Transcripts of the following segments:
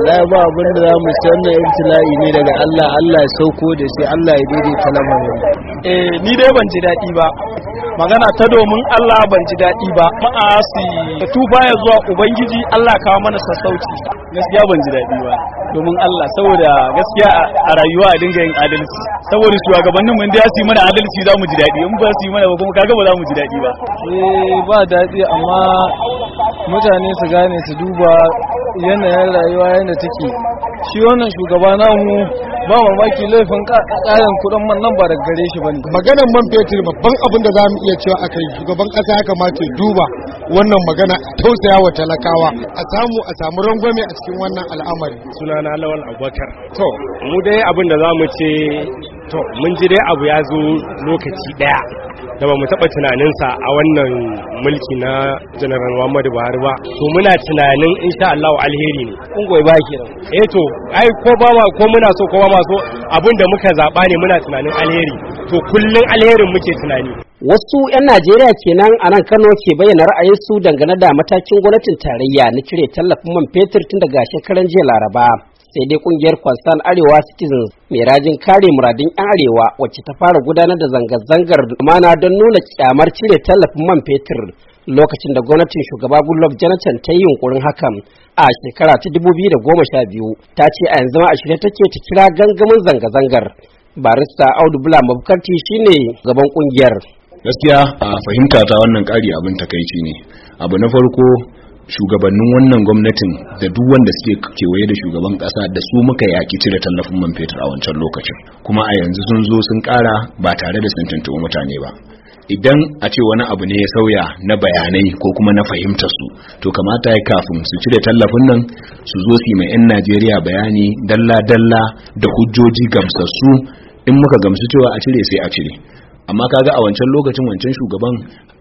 wallahi ba abin da za mu san na ibtila'i ne daga Allah Allah ya sauko da shi Allah ya daidaita lamarin eh ni dai ban ji daɗi ba magana ta domin Allah ban ji daɗi ba ma'asi da tufa ya zuwa ubangiji Allah kawo mana sassauci gaskiya ban ji daɗi ba domin Allah saboda gaskiya a rayuwa a dinga yin adalci saboda shugabannin mun da su mana adalci za mu ji daɗi in ba su yi mana ba kuma kaga ba za mu ji daɗi ba eh ba daɗi amma mutane su gane su duba yanayin rayuwa yadda take shi wannan shugaba mu ba mamaki laifin ƙarin kuɗin man nan ba da gare shi ba ne. maganar man fetur babban abin da za mu iya cewa akai shugaban ƙasa ya kamata ya duba wannan magana tausaya wa talakawa a samu a samu rangwame a cikin wannan al'amari sunana lawal abubakar to mu dai abin da za mu ce to mun ji dai abu ya zo lokaci daya da ba mu taɓa tunaninsa a wannan mulki na janaral muhammadu buhari ba to muna tunanin insha allahu alheri ne kun goyi ba ke eh to ai ko ba ma ko muna so ko ba ma so abin da muka zaɓa ne muna tunanin alheri to kullum alherin muke tunani wasu 'yan najeriya kenan a nan kano ke bayyana ra'ayinsu dangane da matakin gwamnatin tarayya na cire tallafin man fetur tun daga shekaran jiya laraba sai dai kungiyar Kwastan Arewa Citizens mai rajin kare muradin 'yan Arewa wacce ta fara gudanar da zanga-zangar mana don nuna kyamar cire tallafin man fetur lokacin da gwamnatin shugaba Goodluck Jonathan ta yi yunkurin hakan a shekara ta goma 2012 ta ce a yanzu ma a shirye take ta kira gangamin zanga-zangar barista Audu Bula Mabukarti shine gaban kungiyar gaskiya a fahimta ta wannan kari abin takaici ne abu na farko shugabannin wannan gwamnatin da duk wanda suke kewaye da shugaban kasa da su muka yaki cire tallafin man fetur a wancan lokacin kuma a yanzu sun zo sun kara ba tare da sun tuntuɓi mutane ba idan a ce wani abu ne ya sauya na bayanai ko kuma na fahimtar su to kamata ya kafin su cire tallafin nan su zo su mai 'yan najeriya bayani dalla-dalla da hujjoji gamsassu in muka gamsu cewa a cire sai a cire amma kaga a wancan lokacin wancan shugaban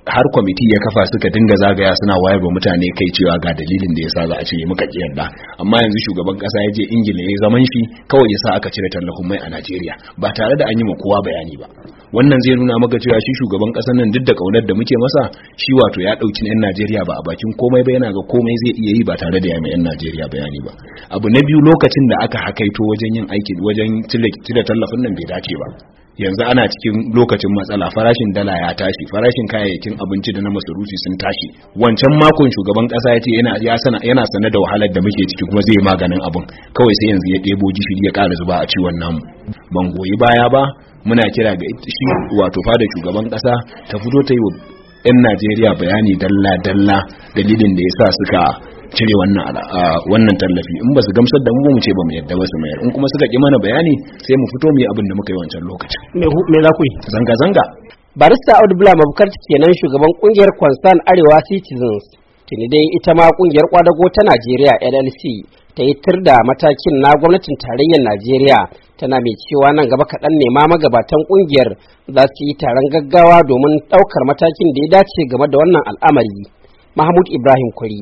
har kwamiti ya kafa suka dinga zagaya suna wayar wa mutane kai cewa ga dalilin da ya za a ce yi muka yarda. amma yanzu shugaban kasa ya je ingila ya zaman shi kawai ya sa aka cire tallafin mai a Najeriya ba tare da an yi ma kowa bayani ba wannan zai nuna maka cewa shi shugaban kasar nan duk da kaunar da muke masa shi wato ya dauki yan Najeriya ba a bakin komai ba yana ga komai zai iya yi ba tare da ya mai yan Najeriya bayani ba abu na biyu lokacin da aka hakaito wajen yin aikin wajen cire tallafin nan bai dace ba yanzu ana cikin lokacin matsala farashin dala ya tashi farashin kayayyakin abinci da na masarufi sun tashi wancan makon shugaban kasa ya ce yana sana sane da wahalar da muke ciki kuma zai maganin abin kawai sai yanzu ya ɗebo gishiri ya ƙara zuba a ciwon namu ban goyi baya ba muna kira ga shi wato fada shugaban kasa ta fito ta yi wa 'yan najeriya bayani dalla-dalla dalilin da ya sa suka cire wannan wannan tallafi in ba su gamsar da mu ba mu ce ba mu yadda ba su mayar in kuma suka ki mana bayani sai mu fito mu yi abin da muka yi wancan lokacin me za ku yi zanga zanga barista Audu Bula Mabukar kenan shugaban kungiyar Concern Arewa Citizens tuni dai ita ma kungiyar kwadago ta Najeriya LLC ta yi tur da matakin na gwamnatin tarayyar Najeriya tana mai cewa nan gaba kaɗan ne ma magabatan kungiyar za su yi taron gaggawa domin ɗaukar matakin da ya dace game da wannan al'amari. Mahmud Ibrahim kuri